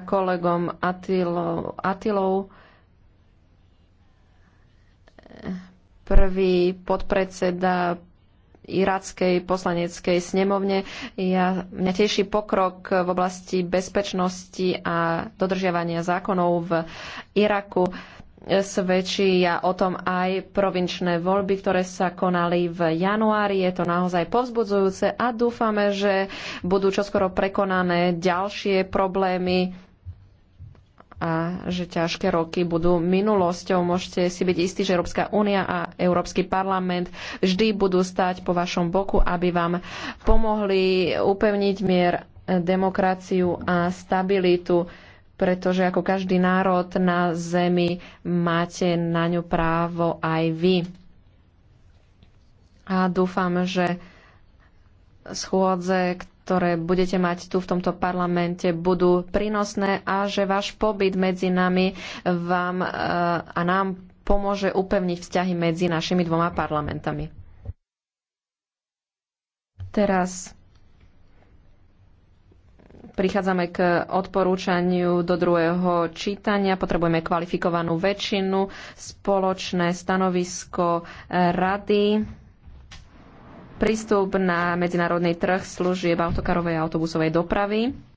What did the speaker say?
kolegom Atilou. Atilou prvý podpredseda irackej poslaneckej snemovne. Ja, mňa teší pokrok v oblasti bezpečnosti a dodržiavania zákonov v Iraku. Svedčia o tom aj provinčné voľby, ktoré sa konali v januári. Je to naozaj povzbudzujúce a dúfame, že budú čoskoro prekonané ďalšie problémy a že ťažké roky budú minulosťou. Môžete si byť istí, že Európska únia a Európsky parlament vždy budú stať po vašom boku, aby vám pomohli upevniť mier, demokraciu a stabilitu pretože ako každý národ na Zemi máte na ňu právo aj vy. A dúfam, že schôdze, ktoré budete mať tu v tomto parlamente, budú prínosné a že váš pobyt medzi nami vám e, a nám pomôže upevniť vzťahy medzi našimi dvoma parlamentami. Teraz prichádzame k odporúčaniu do druhého čítania. Potrebujeme kvalifikovanú väčšinu, spoločné stanovisko rady, prístup na medzinárodný trh služieb autokarovej a autobusovej dopravy.